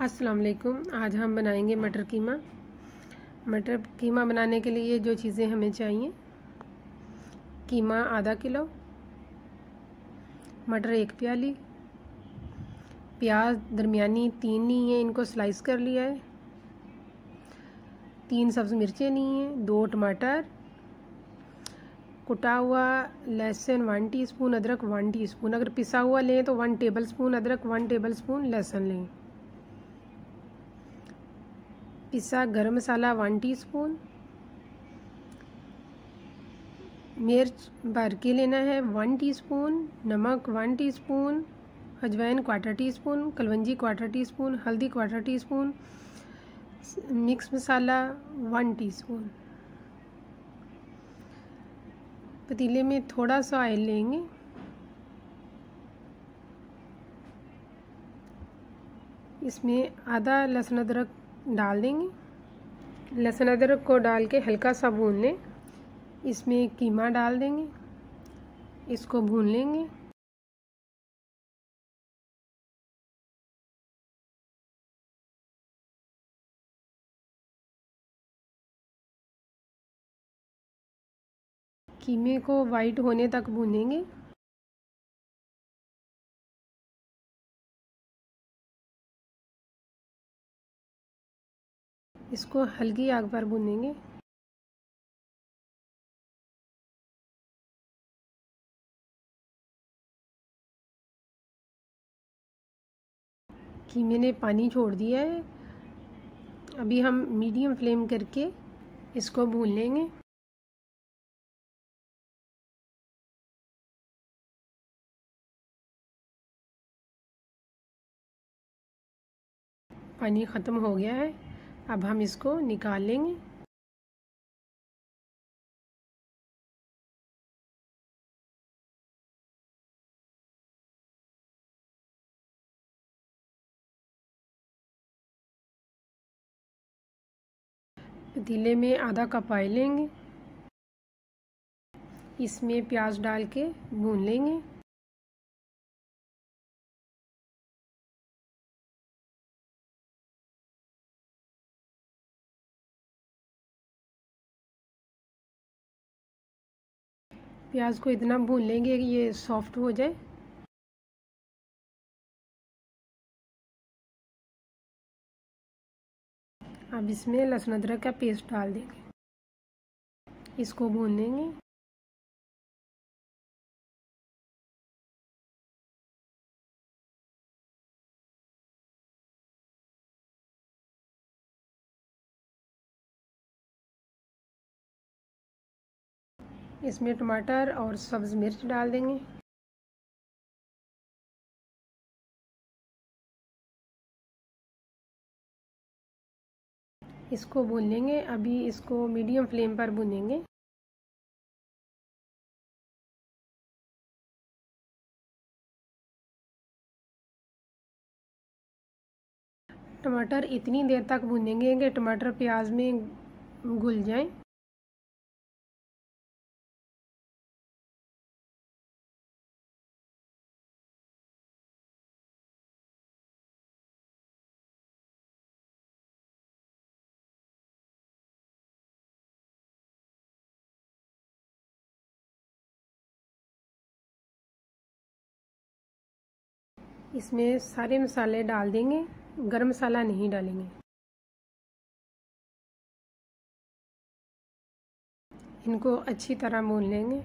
अस्सलाम वालेकुम आज हम बनाएंगे मटर कीमा मटर कीमा बनाने के लिए जो चीज़ें हमें चाहिए कीमा आधा किलो मटर एक प्याली प्याज दरमियानी तीन नहीं है इनको स्लाइस कर लिया है तीन सब्ज़ मिर्चें नहीं हैं दो टमाटर कुटा हुआ लहसुन वन टीस्पून अदरक वन टीस्पून अगर पिसा हुआ लें तो वन टेबल स्पून अदरक वन टेबल स्पून लहसुन लें पिसा गरम मसाला वन टीस्पून मिर्च भर के लेना है वन टीस्पून नमक वन टीस्पून अजवाइन क्वार्टर टीस्पून कलवंजी क्वार्टर टीस्पून हल्दी क्वार्टर टीस्पून मिक्स मसाला वन टीस्पून पतीले में थोड़ा सा ऑयल लेंगे इसमें आधा लहसुन अदरक डाल देंगे लहसुन अदरक को डाल के हल्का सा भून लें इसमें कीमा डाल देंगे इसको भून लेंगे कीमे को वाइट होने तक भूनेंगे इसको हल्की आग पर भूनेंगे कि मैंने पानी छोड़ दिया है अभी हम मीडियम फ्लेम करके इसको भून लेंगे पानी ख़त्म हो गया है अब हम इसको निकाल लेंगे पतीले में आधा कप आई लेंगे इसमें प्याज डाल के भून लेंगे प्याज को इतना भून लेंगे कि ये सॉफ्ट हो जाए अब इसमें लहसुन अदरक का पेस्ट डाल देंगे इसको भून लेंगे इसमें टमाटर और सब्ज़ मिर्च डाल देंगे इसको भून लेंगे अभी इसको मीडियम फ्लेम पर भूनेंगे टमाटर इतनी देर तक भूनेंगे कि टमाटर प्याज में घुल जाएं इसमें सारे मसाले डाल देंगे गरम मसाला नहीं डालेंगे इनको अच्छी तरह मोल लेंगे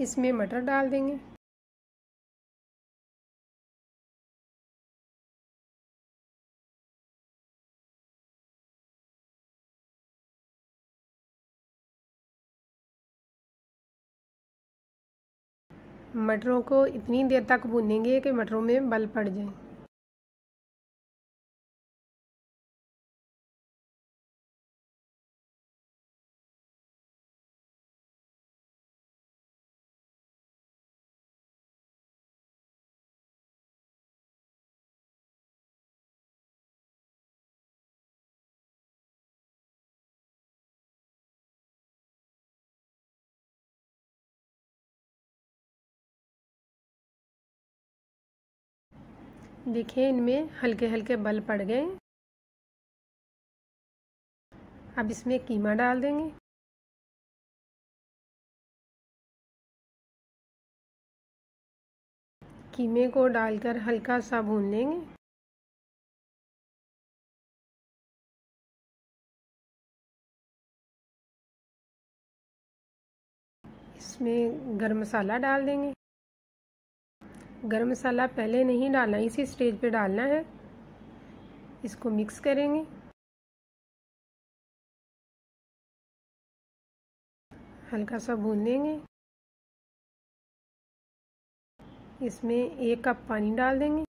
इसमें मटर डाल देंगे मटरों को इतनी देर तक भूनेंगे कि मटरों में बल पड़ जाए देखिए इनमें हल्के हल्के बल पड़ गए अब इसमें कीमा डाल देंगे कीमे को डालकर हल्का सा भून लेंगे इसमें गरम मसाला डाल देंगे गरम मसाला पहले नहीं डालना इसी स्टेज पे डालना है इसको मिक्स करेंगे हल्का सा भून देंगे इसमें एक कप पानी डाल देंगे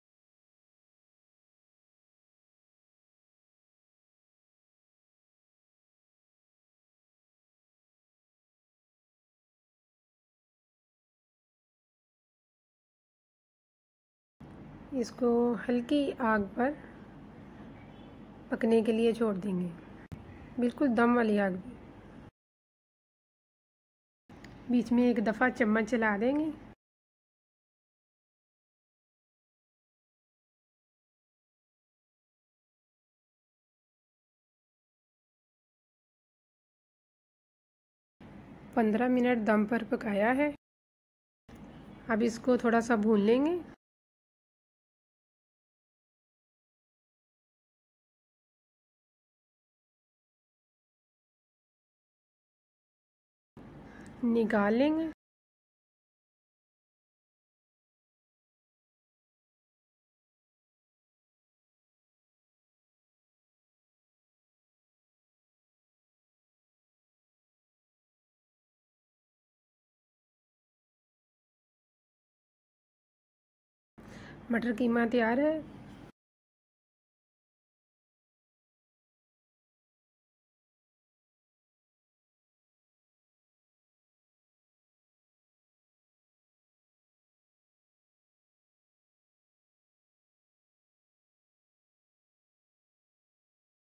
इसको हल्की आग पर पकने के लिए छोड़ देंगे बिल्कुल दम वाली आग बीच में एक दफ़ा चम्मच चला देंगे पंद्रह मिनट दम पर पकाया है अब इसको थोड़ा सा भून लेंगे निकालेंगे मटर कीमा तैयार है